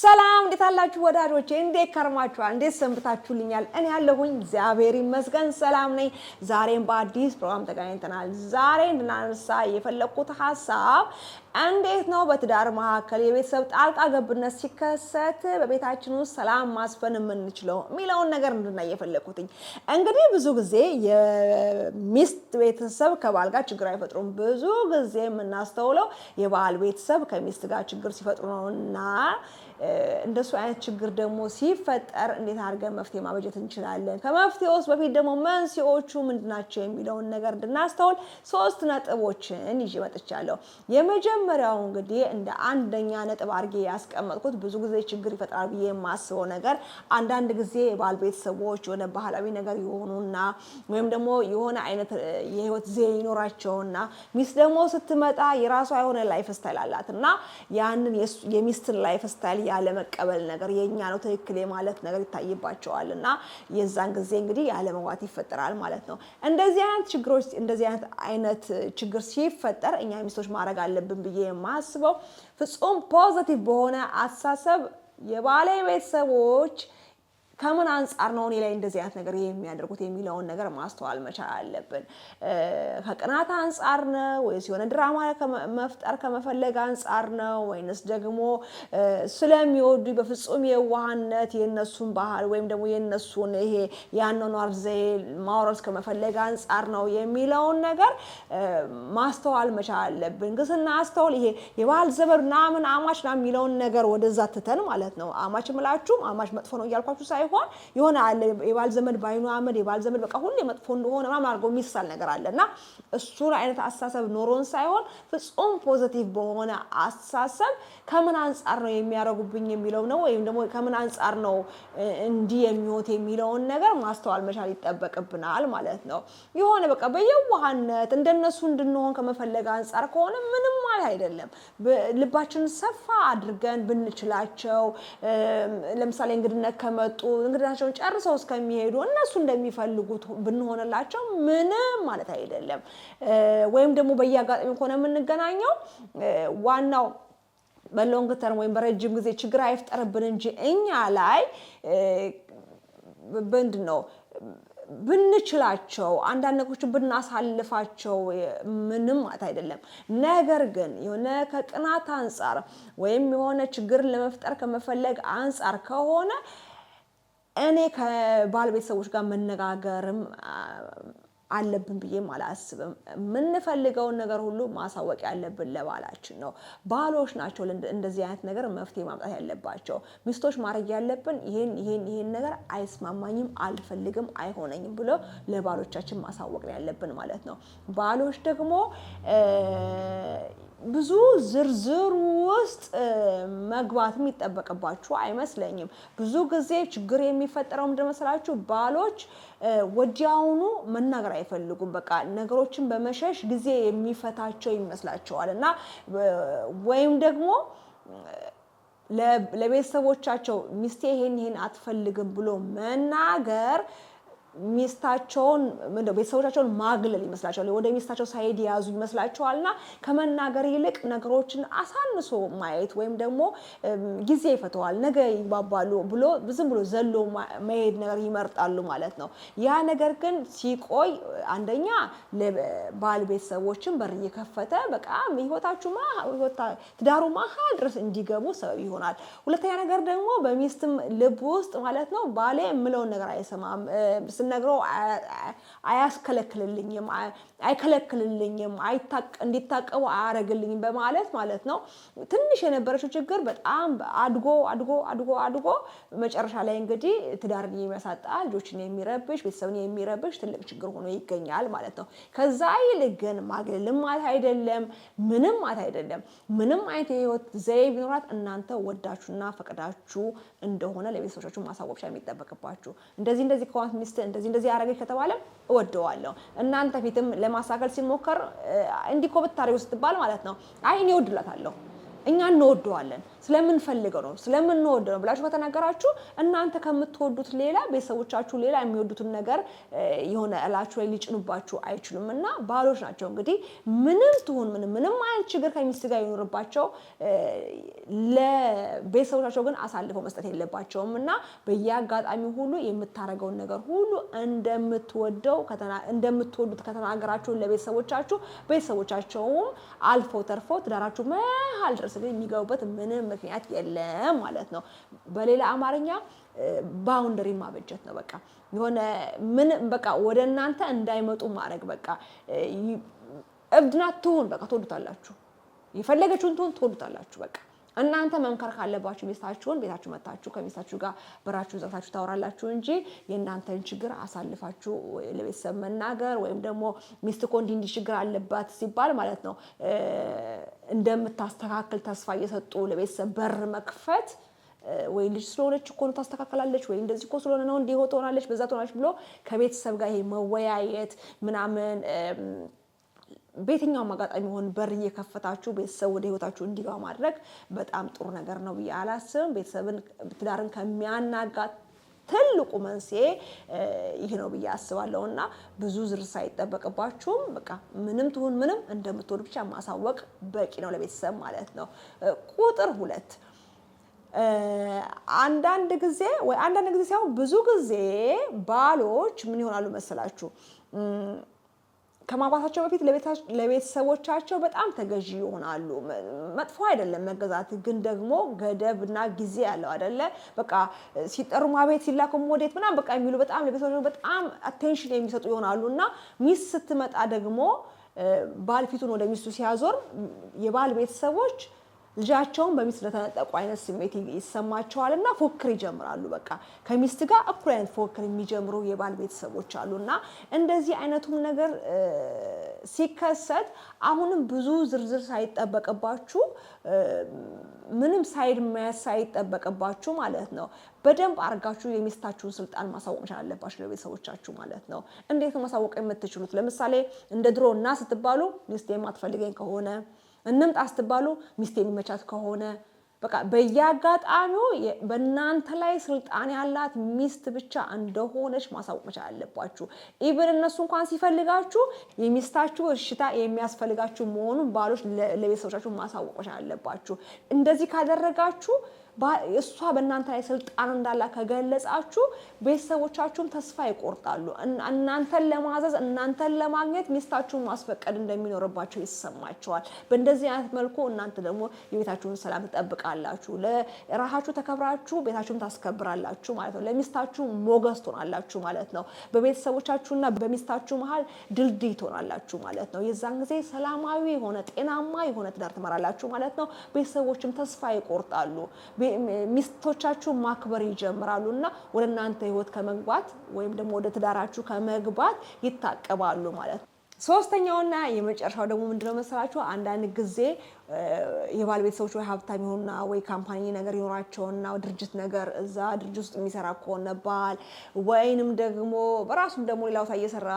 ሰላም እንዴት አላችሁ ወዳጆቼ? እንዴት ከርማችኋል? እንዴት ሰንብታችሁልኛል? እኔ ያለሁኝ እግዚአብሔር ይመስገን ሰላም ነኝ። ዛሬም በአዲስ ፕሮግራም ተገናኝተናል። ዛሬ እንድናነሳ የፈለግኩት ሀሳብ እንዴት ነው በትዳር መካከል የቤተሰብ ጣልቃ ገብነት ሲከሰት በቤታችን ውስጥ ሰላም ማስፈን የምንችለው የሚለውን ነገር እንድናይ የፈለግኩትኝ። እንግዲህ ብዙ ጊዜ የሚስት ቤተሰብ ከባል ጋር ችግር አይፈጥሩም። ብዙ ጊዜ የምናስተውለው የባል ቤተሰብ ከሚስት ጋር ችግር ሲፈጥሩ ነው እና እንደሱ አይነት ችግር ደግሞ ሲፈጠር እንዴት አድርገን መፍትሄ ማበጀት እንችላለን? ከመፍትሄ ውስጥ በፊት ደግሞ መንስኤዎቹ ምንድናቸው የሚለውን ነገር እንድናስተውል ሶስት ነጥቦችን ይዤ መጥቻለሁ። የመጀመሪያው እንግዲህ እንደ አንደኛ ነጥብ አድርጌ ያስቀመጥኩት ብዙ ጊዜ ችግር ይፈጥራል ብዬ የማስበው ነገር አንዳንድ ጊዜ የባል ቤተሰቦች የሆነ ባህላዊ ነገር የሆኑና ወይም ደግሞ የሆነ አይነት የህይወት ዜ ይኖራቸውና ሚስት ደግሞ ስትመጣ የራሷ የሆነ ላይፍ ስታይል አላት እና ያንን የሚስትን ላይፍ ስታይል ያለመቀበል ነገር የእኛ ነው ትክክል የማለት ነገር ይታይባቸዋል እና የዛን ጊዜ እንግዲህ ያለመዋት ይፈጠራል ማለት ነው። እንደዚህ አይነት ችግሮች እንደዚህ አይነት ችግር ሲፈጠር እኛ ሚስቶች ማድረግ አለብን ብዬ የማስበው ፍጹም ፖዘቲቭ በሆነ አሳሰብ የባሌ ቤተሰቦች ከምን አንጻር ነው እኔ ላይ እንደዚህ አይነት ነገር የሚያደርጉት የሚለውን ነገር ማስተዋል መቻል አለብን። ከቅናት አንጻር ነው ወይስ የሆነ ድራማ መፍጠር ከመፈለግ አንጻር ነው ወይንስ ደግሞ ስለሚወዱ በፍጹም የዋህነት የነሱን ባህል ወይም ደግሞ የነሱን ይሄ የአኗኗር ዘዬ ማውረስ ከመፈለግ አንጻር ነው የሚለውን ነገር ማስተዋል መቻል አለብን። ግን ስናስተውል ይሄ የባህል ዘመድ ምናምን አማች ና የሚለውን ነገር ወደዛ ትተን ማለት ነው አማች ምላችሁም አማች መጥፎ ነው እያልኳችሁ ሳይሆን የሆነ አለ የባል ዘመድ ባይኑ አመድ የባል ዘመድ በቃ ሁሌ መጥፎ እንደሆነ ምናምን አድርጎ የሚሳል ነገር አለ እና እሱን አይነት አስተሳሰብ ኖሮን ሳይሆን ፍጹም ፖዘቲቭ በሆነ አስተሳሰብ ከምን አንጻር ነው የሚያደርጉብኝ የሚለው ነው ወይም ደግሞ ከምን አንጻር ነው እንዲህ የሚወት የሚለውን ነገር ማስተዋል መቻል ይጠበቅብናል ማለት ነው። የሆነ በቃ በየዋህነት እንደነሱ እንድንሆን ከመፈለግ አንጻር ከሆነ ምንም ማለት አይደለም። ልባችንን ሰፋ አድርገን ብንችላቸው ለምሳሌ እንግድነት ከመጡ እንግዳቸውን ጨርሰው እስከሚሄዱ እነሱ እንደሚፈልጉት ብንሆንላቸው ምንም ማለት አይደለም። ወይም ደግሞ በየአጋጣሚ ከሆነ የምንገናኘው ዋናው በሎንግ ተርም ወይም በረጅም ጊዜ ችግር አይፍጠርብን እንጂ እኛ ላይ ብንድ ነው ብንችላቸው አንዳንድ ነገሮች ብናሳልፋቸው ምንም ማለት አይደለም። ነገር ግን የሆነ ከቅናት አንጻር ወይም የሆነ ችግር ለመፍጠር ከመፈለግ አንጻር ከሆነ እኔ ከባል ቤተሰቦች ጋር መነጋገርም አለብን ብዬም አላስብም። የምንፈልገውን ነገር ሁሉ ማሳወቅ ያለብን ለባላችን ነው። ባሎች ናቸው እንደዚህ አይነት ነገር መፍትሄ ማምጣት ያለባቸው። ሚስቶች ማድረግ ያለብን ይሄን ይሄን ነገር አይስማማኝም፣ አልፈልግም፣ አይሆነኝም ብሎ ለባሎቻችን ማሳወቅ ያለብን ማለት ነው። ባሎች ደግሞ ብዙ ዝርዝር ውስጥ መግባት የሚጠበቅባችሁ አይመስለኝም። ብዙ ጊዜ ችግር የሚፈጠረው ምንድን ባሎች ወዲያውኑ መናገር አይፈልጉም። በቃ ነገሮችን በመሸሽ ጊዜ የሚፈታቸው ይመስላቸዋል እና ወይም ደግሞ ለቤተሰቦቻቸው ሚስቴ ይሄን ይሄን አትፈልግም ብሎ መናገር ሚስታቸውን ቤተሰቦቻቸውን ማግለል ይመስላቸዋል። ወደ ሚስታቸው ሳይድ የያዙ ይመስላቸዋልና ከመናገር ይልቅ ነገሮችን አሳንሶ ማየት ወይም ደግሞ ጊዜ ይፈተዋል፣ ነገ ይባባሉ ብሎ ዝም ብሎ ዘሎ መሄድ ነገር ይመርጣሉ ማለት ነው። ያ ነገር ግን ሲቆይ አንደኛ ለባል ቤተሰቦችን በር እየከፈተ በጣም ህይወታችሁማ ትዳሩ ማሀ ድረስ እንዲገቡ ሰበብ ይሆናል። ሁለተኛ ነገር ደግሞ በሚስትም ልብ ውስጥ ማለት ነው ባሌ የምለውን ነገር አይሰማም ስነግረው አያስከለክልልኝም፣ አይከለክልልኝም፣ እንዲታቀቡ አያረግልኝም በማለት ማለት ነው። ትንሽ የነበረችው ችግር በጣም አድጎ አድጎ አድጎ አድጎ መጨረሻ ላይ እንግዲህ ትዳርን የሚያሳጣ ልጆችን የሚረብሽ ቤተሰብን የሚረብሽ ትልቅ ችግር ሆኖ ይገኛል ማለት ነው። ከዛ ይልቅ ግን ማግለልም ማለት አይደለም፣ ምንም ማለት አይደለም። ምንም አይነት የህይወት ዘዬ ቢኖራት እናንተ ወዳችሁና ፈቅዳችሁ እንደሆነ ለቤተሰቦቻችሁ ማሳወቅ የሚጠበቅባችሁ እንደዚህ እንደዚህ ከሆነ ሚስት እንደዚህ እንደዚህ አረገች ከተባለ እወደዋለሁ። እናንተ ፊትም ለማሳከል ሲሞከር እንዲህ እኮ ስትባል ማለት ነው አይ እኔ እወድላታለሁ፣ እኛ እንወደዋለን ስለምንፈልገው ነው ስለምንወደው ነው ብላችሁ ከተናገራችሁ እናንተ ከምትወዱት ሌላ ቤተሰቦቻችሁ ሌላ የሚወዱትን ነገር የሆነ እላችሁ ላይ ሊጭኑባችሁ አይችሉም እና ባሎች ናቸው እንግዲህ ምንም ትሁን ምንም ምንም አይነት ችግር ከሚስት ጋር ይኖርባቸው ለቤተሰቦቻቸው ግን አሳልፈው መስጠት የለባቸውም እና በየአጋጣሚ ሁሉ የምታደርገውን ነገር ሁሉ እንደምትወደው እንደምትወዱት ከተናገራችሁ ለቤተሰቦቻችሁ ቤተሰቦቻቸውም አልፎ ተርፎ ትዳራችሁ መሀል ድረስ የሚገቡበት ምንም ምክንያት የለም ማለት ነው። በሌላ አማርኛ ባውንደሪ ማበጀት ነው። በቃ የሆነ ምን በቃ ወደ እናንተ እንዳይመጡ ማድረግ በቃ እብድናት ትሁን፣ በቃ ትወዱታላችሁ። የፈለገችውን ትሁን ትወዱታላችሁ በቃ እናንተ መንከር ካለባችሁ ሚስታችሁን ቤታችሁ መታችሁ ከሚስታችሁ ጋር በራችሁ ዘግታችሁ ታወራላችሁ እንጂ የእናንተን ችግር አሳልፋችሁ ለቤተሰብ መናገር ወይም ደግሞ ሚስት እኮ እንዲህ እንዲህ ችግር አለባት ሲባል ማለት ነው እንደምታስተካክል ተስፋ እየሰጡ ለቤተሰብ በር መክፈት ወይ ልጅ ስለሆነች እኮ ነው ታስተካከላለች፣ ወይ እንደዚህ እኮ ስለሆነ ነው እንዲህ ትሆናለች፣ በዛ ትሆናለች ብሎ ከቤተሰብ ጋር ይሄ መወያየት ምናምን በየትኛውም አጋጣሚ ሆን በር እየከፈታችሁ ቤተሰብ ወደ ህይወታችሁ እንዲገባ ማድረግ በጣም ጥሩ ነገር ነው ብዬ አላስብም። ቤተሰብን ትዳርን ከሚያናጋ ትልቁ መንስኤ ይህ ነው ብዬ አስባለሁ እና ብዙ ዝርስ አይጠበቅባችሁም በቃ ምንም ትሁን ምንም እንደምትወዱ ብቻ ማሳወቅ በቂ ነው ለቤተሰብ ማለት ነው። ቁጥር ሁለት አንዳንድ ጊዜ ወይ አንዳንድ ጊዜ ሳይሆን ብዙ ጊዜ ባሎች ምን ይሆናሉ መሰላችሁ ከማባታቸው በፊት ለቤተሰቦቻቸው በጣም ተገዢ ይሆናሉ። መጥፎ አይደለም መገዛት፣ ግን ደግሞ ገደብ እና ጊዜ ያለው አይደለ? በቃ ሲጠሩ ማቤት ሲላኩ ወዴት ምናም በቃ የሚሉ በጣም ለቤተሰቦቻቸው በጣም አቴንሽን የሚሰጡ ይሆናሉ እና ሚስት ስትመጣ ደግሞ ባል ፊቱን ወደ ሚስቱ ሲያዞር የባል ቤተሰቦች ልጃቸውን በሚስት እንደተነጠቁ አይነት ስሜት ይሰማቸዋል እና ፎክር ይጀምራሉ። በቃ ከሚስት ጋር እኩል አይነት ፎክር የሚጀምሩ የባል ቤተሰቦች አሉ እና እንደዚህ አይነቱም ነገር ሲከሰት አሁንም ብዙ ዝርዝር ሳይጠበቅባችሁ ምንም ሳይድ መያዝ ሳይጠበቅባችሁ ማለት ነው በደንብ አድርጋችሁ የሚስታችሁን ስልጣን ማሳወቅ መቻል አለባችሁ ለቤተሰቦቻችሁ ማለት ነው። እንዴት ማሳወቅ የምትችሉት? ለምሳሌ እንደ ድሮ እና ስትባሉ ሚስቴ የማትፈልገኝ ከሆነ እንምጣ ስትባሉ ሚስት የሚመቻት ከሆነ በቃ በየአጋጣሚው በእናንተ ላይ ስልጣን ያላት ሚስት ብቻ እንደሆነች ማሳወቅ መቻል አለባችሁ። ኢብን እነሱ እንኳን ሲፈልጋችሁ የሚስታችሁ እሽታ የሚያስፈልጋችሁ መሆኑን ባሎች ለቤተሰቦቻችሁ ማሳወቅ መቻል አለባችሁ። እንደዚህ ካደረጋችሁ እሷ በእናንተ ላይ ስልጣን እንዳላ ከገለጻችሁ ቤተሰቦቻችሁም ተስፋ ይቆርጣሉ። እናንተን ለማዘዝ እናንተን ለማግኘት ሚስታችሁን ማስፈቀድ እንደሚኖርባቸው ይሰማቸዋል። በእንደዚህ አይነት መልኩ እናንተ ደግሞ የቤታችሁን ሰላም ትጠብቃላችሁ፣ ለራሳችሁ ተከብራችሁ ቤታችሁም ታስከብራላችሁ ማለት ነው። ለሚስታችሁ ሞገስ ትሆናላችሁ ማለት ነው። በቤተሰቦቻችሁና በሚስታችሁ መሀል ድልድይ ትሆናላችሁ ማለት ነው። የዛን ጊዜ ሰላማዊ የሆነ ጤናማ የሆነ ትዳር ትመራላችሁ ማለት ነው። ቤተሰቦችም ተስፋ ይቆርጣሉ። ሚስቶቻችሁ ማክበር ይጀምራሉ እና ወደ እናንተ ህይወት ከመግባት ወይም ደግሞ ወደ ትዳራችሁ ከመግባት ይታቀባሉ ማለት ነው። ሶስተኛውና የመጨረሻው ደግሞ ምንድነው መሰላችሁ? አንዳንድ ጊዜ የባል ቤተሰቦች ወይ ሀብታም የሆኑና ወይ ካምፓኒ ነገር የሆናቸውና ድርጅት ነገር እዛ ድርጅት ውስጥ የሚሰራ ከሆነ ባል ወይንም ደግሞ በራሱም ደግሞ ሌላ ቦታ እየሰራ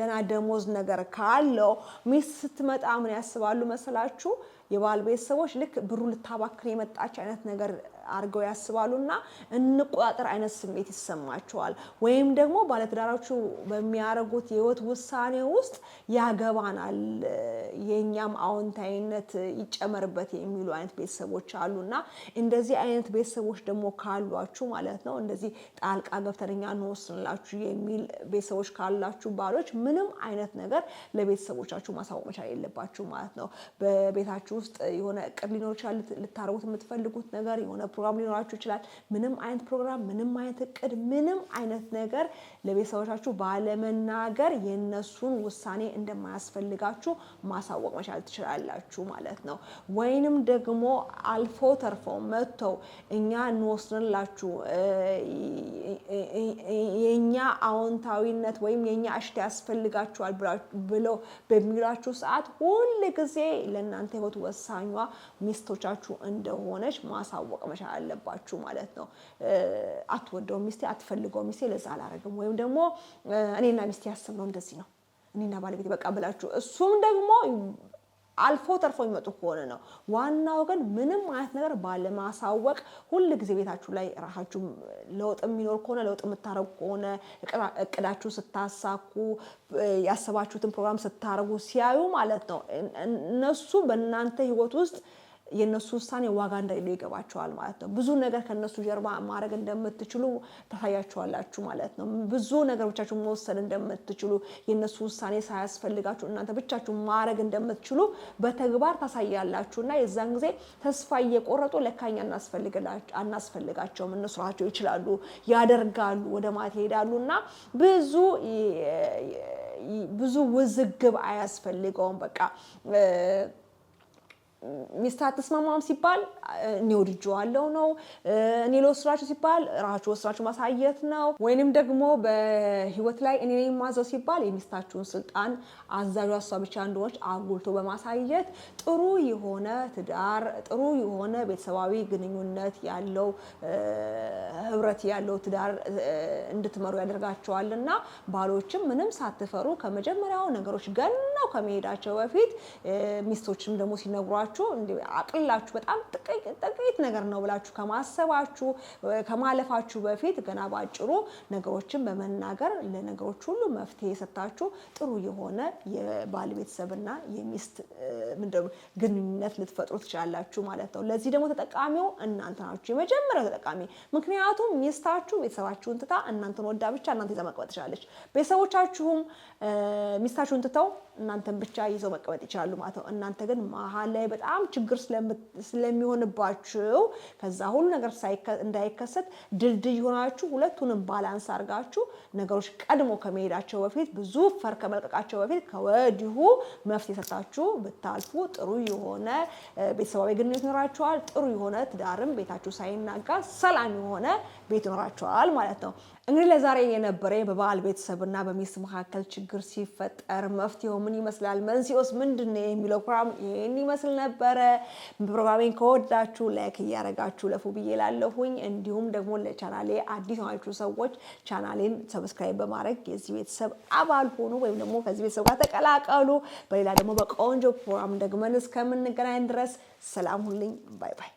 ደና ደሞዝ ነገር ካለው ሚስት ስትመጣ ምን ያስባሉ መሰላችሁ? የባል ቤተሰቦች ልክ ብሩ ልታባክን የመጣች አይነት ነገር አድርገው ያስባሉና እንቆጣጠር አይነት ስሜት ይሰማቸዋል። ወይም ደግሞ ባለትዳሮቹ በሚያደርጉት የህይወት ውሳኔ ውስጥ ያገባናል፣ የእኛም አዎንታዊነት ይጨመርበት የሚሉ አይነት ቤተሰቦች አሉና እንደዚህ አይነት ቤተሰቦች ደግሞ ካሏችሁ ማለት ነው እንደዚህ ጣልቃ ገብተን እኛ እንወስንላችሁ የሚል ቤተሰቦች ካላችሁ ባሎች ምንም አይነት ነገር ለቤተሰቦቻችሁ ማሳወቅ መቻል የለባችሁ ማለት ነው። በቤታችሁ ውስጥ የሆነ እቅድ ሊኖር ይችላል። የምትፈልጉት ነገር የሆነ ፕሮግራም ሊኖራችሁ ይችላል። ምንም አይነት ፕሮግራም፣ ምንም አይነት እቅድ፣ ምንም አይነት ነገር ለቤተሰቦቻችሁ ባለመናገር የነሱን ውሳኔ እንደማያስፈልጋችሁ ማሳወቅ መቻል ትችላላችሁ ማለት ነው። ወይንም ደግሞ አልፎ ተርፈው መጥተው እኛ እንወስንላችሁ የእኛ አዎንታዊነት ወይም የእኛ እሽታ ያስፈልጋችኋል ብለው በሚሏችሁ ሰዓት ሁል ጊዜ ለእናንተ ህይወት ወሳኟ ሚስቶቻችሁ እንደሆነች ማሳወቅ መቻል አለባችሁ ማለት ነው። አትወደው ሚስቴ፣ አትፈልገው ሚስቴ፣ ለዛ አላረግም ወይም ደግሞ እኔና ሚስቴ ያሰብነው እንደዚህ ነው እኔና ባለቤቴ በቃ ብላችሁ እሱም ደግሞ አልፎ ተርፎ የሚመጡ ከሆነ ነው። ዋናው ግን ምንም አይነት ነገር ባለማሳወቅ ሁል ጊዜ ቤታችሁ ላይ ራሳችሁ ለውጥ የሚኖር ከሆነ ለውጥ የምታደረጉ ከሆነ እቅዳችሁ ስታሳኩ ያሰባችሁትን ፕሮግራም ስታደርጉ ሲያዩ ማለት ነው እነሱ በእናንተ ህይወት ውስጥ የእነሱ ውሳኔ ዋጋ እንደሌለው ይገባቸዋል ማለት ነው። ብዙ ነገር ከእነሱ ጀርባ ማድረግ እንደምትችሉ ታሳያቸዋላችሁ ማለት ነው። ብዙ ነገር ብቻችሁ መወሰን እንደምትችሉ፣ የእነሱ ውሳኔ ሳያስፈልጋችሁ እናንተ ብቻችሁ ማድረግ እንደምትችሉ በተግባር ታሳያላችሁ እና የዛን ጊዜ ተስፋ እየቆረጡ ለካኛ አናስፈልጋቸውም፣ እነሱ ራቸው ይችላሉ፣ ያደርጋሉ ወደ ማለት ይሄዳሉ እና ብዙ ብዙ ውዝግብ አያስፈልገውም በቃ ሚስት አትስማማም ሲባል እኔ ወድጄዋለሁ ነው። እኔ ለወስራችሁ ሲባል ራችሁ ወስራችሁ ማሳየት ነው። ወይንም ደግሞ በህይወት ላይ እኔ የማዘው ሲባል የሚስታችሁን ስልጣን አዛዡ እሷ ብቻ እንደሆነች አጉልቶ በማሳየት ጥሩ የሆነ ትዳር፣ ጥሩ የሆነ ቤተሰባዊ ግንኙነት ያለው ህብረት ያለው ትዳር እንድትመሩ ያደርጋቸዋል እና ባሎችም ምንም ሳትፈሩ ከመጀመሪያው ነገሮች ገናው ከመሄዳቸው በፊት ሚስቶችም ደግሞ ሲነግሯ አእምሯችሁ አቅላችሁ በጣም ጥቂት ነገር ነው ብላችሁ ከማሰባችሁ ከማለፋችሁ በፊት ገና ባጭሩ ነገሮችን በመናገር ለነገሮች ሁሉ መፍትሄ የሰጣችሁ ጥሩ የሆነ የባል ቤተሰብና የሚስት ግንኙነት ልትፈጥሩ ትችላላችሁ ማለት ነው። ለዚህ ደግሞ ተጠቃሚው እናንተ ናችሁ፣ የመጀመሪያው ተጠቃሚ። ምክንያቱም ሚስታችሁ ቤተሰባችሁን ትታ እናንተን ወዳ ብቻ እናንተ ይዛ መቅበጥ ትችላለች። ቤተሰቦቻችሁም ሚስታችሁን ትተው እናንተን ብቻ ይዘው መቀመጥ ይችላሉ ማለት ነው። እናንተ ግን መሀል ላይ በጣም ችግር ስለሚሆንባችሁ ከዛ ሁሉ ነገር እንዳይከሰት ድልድይ ሆናችሁ ሁለቱንም ባላንስ አድርጋችሁ ነገሮች ቀድሞ ከመሄዳቸው በፊት ብዙ ፈር ከመልቀቃቸው በፊት ከወዲሁ መፍትሄ ሰታችሁ ብታልፉ ጥሩ የሆነ ቤተሰባዊ ግንኙነት ይኖራችኋል። ጥሩ የሆነ ትዳርም ቤታችሁ ሳይናጋ ሰላም የሆነ ቤት ይኖራችኋል ማለት ነው። እንግዲህ ለዛሬ የነበረ በባል ቤተሰብና በሚስት መካከል ችግር ሲፈጠር መፍትሄው ምን ይመስላል፣ መንስኤውስ ምንድን ነው የሚለው ፕሮግራም ይህን ይመስል ነበረ። ፕሮግራሜን ከወዳችሁ ላይክ እያደረጋችሁ ለፉ ብዬ ላለሁኝ። እንዲሁም ደግሞ ለቻናሌ አዲስ የሆናችሁ ሰዎች ቻናሌን ሰብስክራይብ በማድረግ የዚህ ቤተሰብ አባል ሆኑ፣ ወይም ደግሞ ከዚህ ቤተሰብ ጋር ተቀላቀሉ። በሌላ ደግሞ በቆንጆ ፕሮግራም ደግመን እስከምንገናኝ ድረስ ሰላም ሁልኝ። ባይ ባይ።